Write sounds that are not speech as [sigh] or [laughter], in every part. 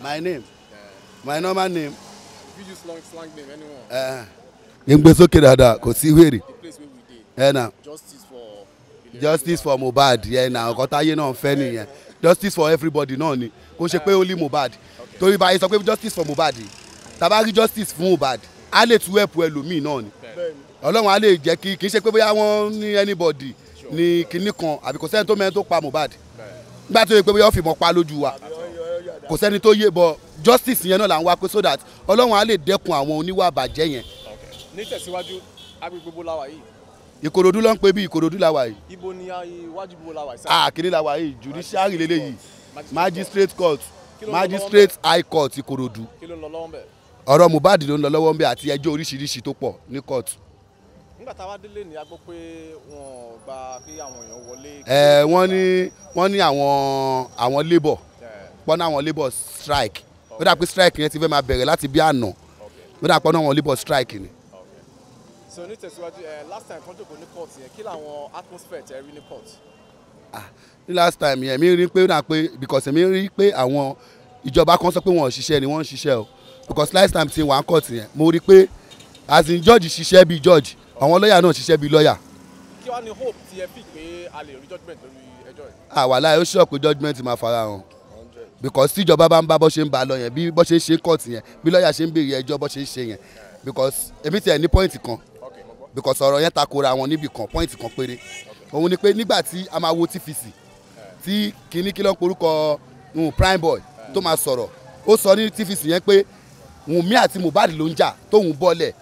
My name. My normal name. If you use long slang name, anyone. Uh, Ngbe dada kò sí wèrè. Eh, na. Justice for. Justice for Mohbad yẹn na ọkọ táyé náà fẹ́ nìyẹn. Justice for everybody náà ni. Kò ṣe pé only Mohbad. Torí báyìí sọ pé justice for Mohbad. Tàbá rí justice fún mobad. A lè tú ẹ̀pù ẹlòmíì náà ni. Ọlọ́run á lè jẹ́ kí kì í ṣe pé bóyá wọ́n anybody ni kinní kan àbí kò sẹ́ni tó mẹ́rin tó pa Mohbad. Nígbà tó yẹ pé bóyá ó fìmọ̀ pa lójú wa kò sẹ́ni tó yé bọ̀ justice yẹn náà là ń wá pé so that ọlọ́run á lè dẹ́kun àwọn oníwà bàjẹ́ yẹn. ní tẹ̀síwájú agbègbè bó la wà yìí. ìkòròdú ló ń pè bí ìkòròdú la wà yìí. ibo ni iwájú bó la wà yìí. àkìrí ah, la wà yìí judiciary lélẹ́yìí magistrate court magistrate high court ìkòròdú. kí ló ń lọ lọ́wọ́ ń bẹ̀. ọ̀rọ̀ Mohbad ló ń lọ lọ́wọ́ ń bẹ̀ àti ẹjọ́ oríṣiríṣi tó pọ̀ ní court nígbà táwa délé ni a gbọ́ pé wọ́n gba kí àwọn èèyàn wọlé. ẹ eh, wọ́n ní wọ́n ní àwọn àwọn labour pọ́nà àwọn labour strike ó dà pé strike yẹn ti fẹ́ máa bẹ̀rẹ̀ láti bí àná ó dà pọ́nà àwọn labour strike ni. so ní tẹ̀síwájú ẹ eh, last time kan jòkó ní court yẹn kí làwọn atmosphere tẹ rí ní court. ah ní last time yẹn mi rí pé ó dà pé because mi rí pé àwọn ìjọba kan sọ pé wọn ò ṣiṣẹ́ ni wọ́n ń ṣiṣẹ́ o because last time ti wà ń court yẹn mo rí pé as in judge ṣiṣẹ́ bí judge àwọn lọ́ọ̀yà náà ṣiṣẹ́ bí lọ́ọ̀yà. kí wàá ní hope ti ẹ fi pé a lè rí judgement lórí ẹjọ́ yìí. àwa ah, láì ó ṣọ̀pù judgement máa fara hàn because tíjọba bá ń bá bó ṣe ń ba lọ yẹn bí bó ṣe ń ṣe court yẹn bí lọ́ọ̀yà ṣe ń béèrè ẹjọ́ bó ṣe ń ṣe yẹn because èmi tiẹ̀ ní point kan because ọ̀rọ̀ yẹn takora wọn níbì kan point kan péré òun ni pé nígbà tí a máa wo TVC tí kìíní kí ló ń porúkọ mm, prime boy tó máa sọ̀rọ̀ ó sọ ní TVC yẹn pé Wùnmí àti Mohbad ló ń jà tóun bọ́lẹ̀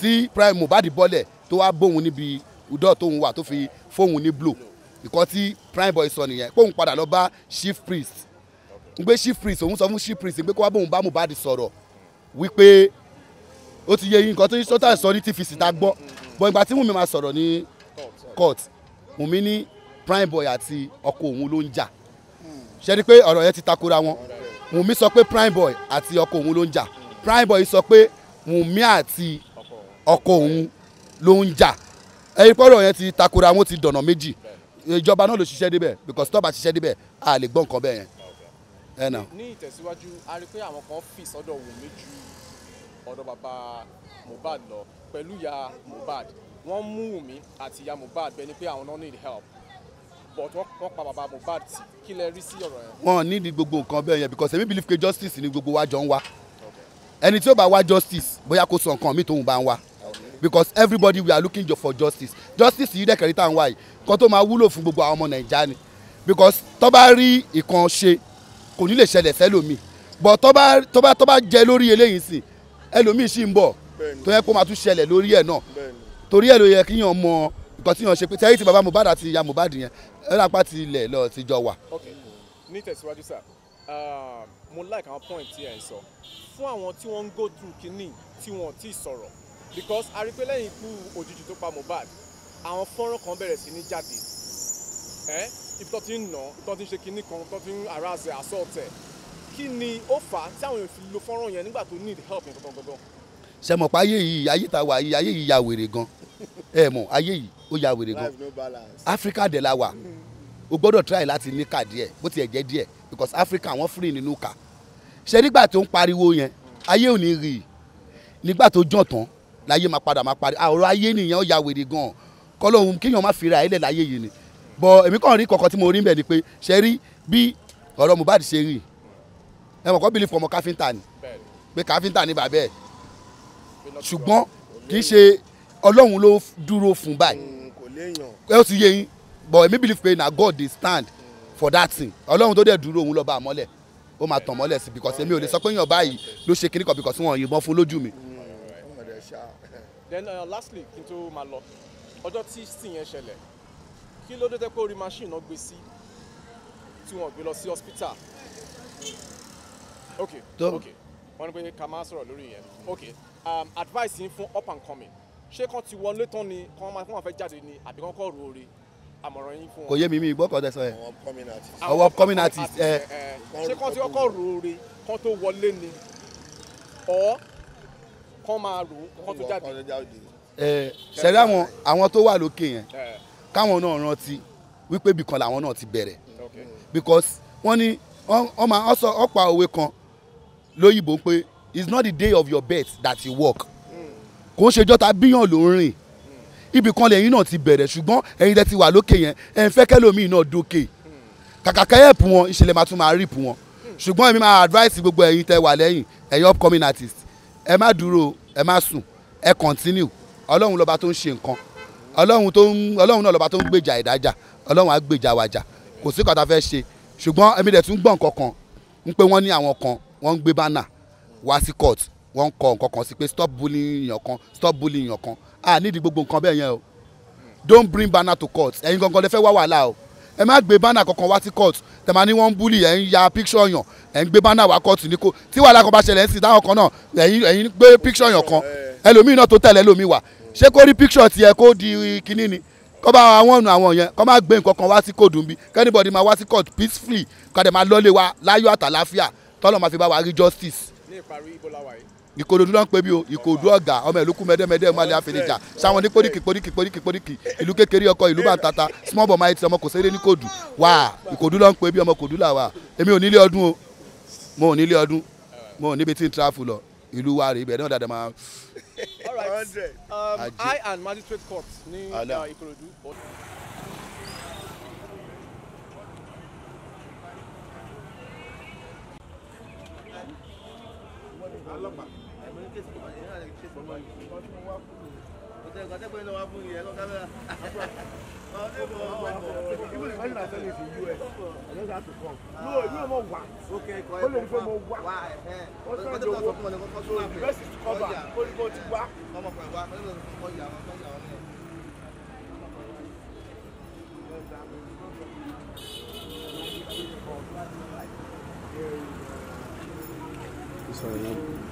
tí prime Mohbad bọ́lẹ̀ tó wá bóun níbi udọ́ tóun wà tó fi fóun ní blue ìkọ́ tí prime boy sọ nìyẹn kóun padà lọ bá chief priest n gbé chief priest òun sọ fún chief priest pé kó wá bóun bá Mohbad sọ̀rọ̀ wípé ó ti yẹ yín nǹkan tó yín sọ́tà sọ ní tfc ta gbọ́ bọ́ ìgbà tí Wùnmí máa sọ̀rọ̀ ní court Wùnmí ní prime boy àti ọkọ òun ló ń jà ṣe ni pé ọ̀rọ̀ yẹn ti takora wọn Wùnmí sọ pé prime boy àti ọkọ òun ló ń jà prime boy sọ pé Wùnmí àti ọkọ òun ló ń jà ẹyin pọ́rọ̀ yẹn ti takora wọn ti dọ̀nà méjì ìjọba náà ló ṣiṣẹ́ débẹ̀ because tọ́ba ṣiṣẹ́ débẹ̀ a lè gbọ́ nǹkan bẹ́ẹ̀ yẹn ẹ nà. ní ìtẹ̀síwájú a rí i pé àwọn kan fì sọ́dọ̀ Wùmí ju ọ̀dọ̀ bàbá Mohbad lọ pẹ̀lú ìyá Mohbad wọ́n mú Wùmí àti ìyá Mohbad bẹ́ẹ̀ ni pé àwọn náà need help but wọ́n pa bàbá Mohbad tì kí lẹ rí sí ọ̀rọ̀ yẹn. wọn ní ní gbogbo nǹkan bẹ́ẹ̀ yẹn because èmi believe pé justice ni gbogbo wa jọ ń wá ẹni tí ó bá wá justice bóyá kó sọ nǹkan mi tóun bá ń wá because everybody we are looking for justice justice yìí dẹ́kẹ̀rí tá à ń wá yìí kan tó máa wúlò fún gbogbo àwọn ọmọ nàìjíríà ni because tó bá rí ìkan ṣe kò ní lè ṣẹlẹ̀ sẹ́lòmíì bọ̀ tó bá tó bá tó bá jẹ lórí eléyìí sí ẹlòmíì sì ń bọ̀ tó yẹ kó máa tún ṣẹlẹ̀ lórí ẹ̀ náà torí ẹ̀ ló yẹ kí yàn mọ nǹkan tí yàn ṣe pé tẹ́yìn tí baba Mohbad àti ìyá Mohbad yẹn ẹ̀rọ apá ti ilẹ̀ lọ ti jọ wà. ní tẹ̀síwájú sá ah, mo like àwọn point tí ẹ̀ ń sọ fún àwọn tí wọ́n ń go through kínní tí wọ́n ti sọ̀rọ̀ because a rí pé lẹ́yìn ikú òjijì tó pa Mohbad àwọn fọ́nrán kan bẹ̀rẹ̀ sí ní jáde ibi tó ti ń nà tó ti ń ṣe kinní kan tó ti ń aráàzẹ àsọ̀tẹ̀ kí ni ó fà á tí àwọn èèyàn fi lo fọ́nrán yẹn nígbà tó need help yẹn gangan gangan. sẹmọpá ayé yìí ayé ta wà yìí ayé yìí ya wèrè gan [laughs] ẹ mọ ayé yìí ó ya wèrè gan Africa dẹ̀ la wà o gbọ́dọ̀ try láti ní kà díẹ̀ bó tiẹ̀ jẹ́ díẹ̀ because Africa wọ́n free nínú kà ṣe nígbà tó ń pariwo yẹn ayé ò ní rí i nígbà tó jọ̀ tán láyé máa padà máa parí ọ̀rọ̀ ayé nìyẹn ó ya wèrè gan kọ́lọ́hún kéèyàn má fi ra ẹ̀ lẹ̀ láyé yìí ni bọ̀ èmi kàn rí kọ̀ọ̀kan tí mo rí bẹ̀ ni pé ṣe rí bí ọ̀rọ̀ Mohbad ṣe rí ẹ mọ̀ kọ́ bìlì fọmọ káfíńtà ni pé káfíńtà ni bàbá ẹ̀ ṣùgbọ́n kì í ṣe ọlọ́run ló dúró fún báyìí ẹ ó ti yé yín bọ̀ èmi believe pé na God dey stand for that thing ọlọ́run tó dẹ̀ dúró òun lọ́ba àmọ́lẹ̀ ó máa tàn mọ́lẹ̀ sí because èmi ò lè sọ pé èèyàn báyìí ló ṣe kíní kan because wọn ò yìnbọn fún lójú mi. then uh, lastly kí n tó máa lọ ọjọ́ tí sìn yẹn ṣẹlẹ̀ kí ló dé tẹ́ pé orí machine náà gbé sí tí wọ́n gbé lọ sí hospital ok ok wọ́n ní pé ká máa sọ̀rọ̀ lórí yẹn ok um, advice yín fún up and coming ṣé kàn ti wọlé tán ni kàn máa kàn máa fẹ́ jáde ni àbí kàn kọ́ ru oore àmọ̀ràn yín fún wọn. kò yé mi mi ìgbọ́kọ̀ tẹ sọ yẹn. àwọn upcoming artist. Eh. Eh, eh. ṣé kàn ti kọ́kọ́ ru oore kàn tó wọlé ni ọ̀ kàn máa rò kàn tó jáde. ṣẹ̀rí àwọn àwọn tó wà lókè yẹn káwọn náà rántí wípé bìkan làwọn náà ti bẹ̀rẹ̀ because wọ́n ní wọ́n máa ọ̀sọ̀ ọ̀pá òwe kan lóyìnbó pé it's not the day of your birth that you work kò ń ṣèjọ́ ta bíyàn ló ń rìn ibì kan lẹ́yìn náà ti bẹ̀rẹ̀ ṣùgbọ́n ẹ̀yin tẹ́ ti wà lókè yẹn ẹ̀ ń fẹ́ kẹ́lòmíì náà dókè kàkàkẹ́ ẹ̀pù wọn ìṣẹ̀lẹ̀ máa tún máa rìpù wọn ṣùgbọ́n èmi máa advice gbogbo ẹ̀yin tẹ́ wà lẹ́yìn ẹ̀yin upcoming artist ẹ má dúró ẹ má sùn ẹ continue ọlọ́run lọ́ba tó ń ṣe nǹkan ọlọ́run tó ń ọlọ́run náà lọ́ba tó ń gbèjà ìdájà ọlọ́run á gbèjà wàjà kò sí kọ́ta fẹ́ ṣe ṣùgbọ́n èmi dẹ̀ tún gbọ́ nǹkan ń pé wọ́n ní àwọn kan wọ́n ń gbé bánà wá sí court wọ́n ń kọ nǹkan kan sí pé stop bullying yàn kan stop bullying yàn kan a nídìí gbogbo nǹkan bẹ́ẹ̀ yẹn o don't bring banner to court ẹ̀yin gangan lè fẹ́ wá wàhálà o ẹ má gbé bánà kankan wá sí court tẹ̀ máa wọ́n ń búlì ẹ̀ ń ya píksọ̀ yàn ẹ̀ ń gbé bánà wá court ní kó tí wàhálà kan bá ṣẹlẹ̀ ń sì dáhùn kan náà ẹ̀yin gbé píksọ̀ yàn kan eh. ẹlòmíì náà tó tẹ̀lé ẹlòmíì wà ṣé kó rí píkṣọ̀ tiẹ̀ kó di kinní ni kọ́ bá àwọn ọ̀nà àwọn yẹn kọ́ máa gbé nǹkan kan wá sí kóòdù ń bí kẹ́nìbọ̀dì máa wá sí court peacefully kàdé máa lọ́lé wa láyọ̀ àtàláfíà tọ́lọ̀ máa fi bá wa rí justice. ní ìparí ibo la wà yìí. ìkòdòdú náà ń pè mí o ìkòdù ọ̀gá ọmọ ìlú kú mẹ́dẹ́mẹ́dẹ́ ọmọ àlẹ́ àfẹnìjà sáwọn ní póríkì póríkì póríkì póríkì ìlú kékeré ọkọ ìlú bàǹtata small boy mighty ọmọ kò séré ní kòdù wà ìkòdù náà ń pè mí ọmọ kòdù là wà èmi ò nílé ọdún o mo ò nílé ọdún mo ò níbi tí ń tráfù lọ ìlú wa rè ibẹ̀ náà dáadáa máa hundred. Um, I and magistrate court uh, ní Ìkòròdú. ọlọ́pàá ẹ̀mí ní kéésì kò bàjẹ́ ní àlẹ́ kéésì kò bàjẹ́. Ọ̀tẹ́gbẹ́ No, you know what? Okay, eh, eh. correct.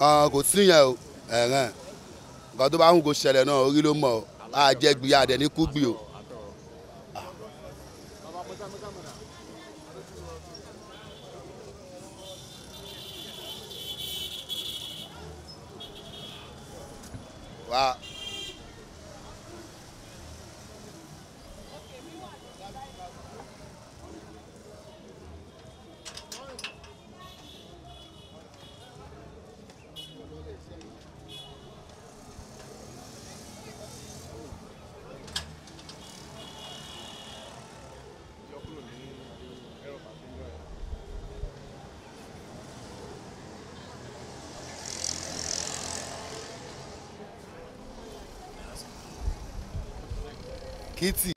Ah, kò sí yẹn o nǹkan tó bá ń kó ṣẹlẹ̀ náà orí ló mọ̀ á jẹ́ gbi adẹ ní kúgbi o. Ah. wa Kitty.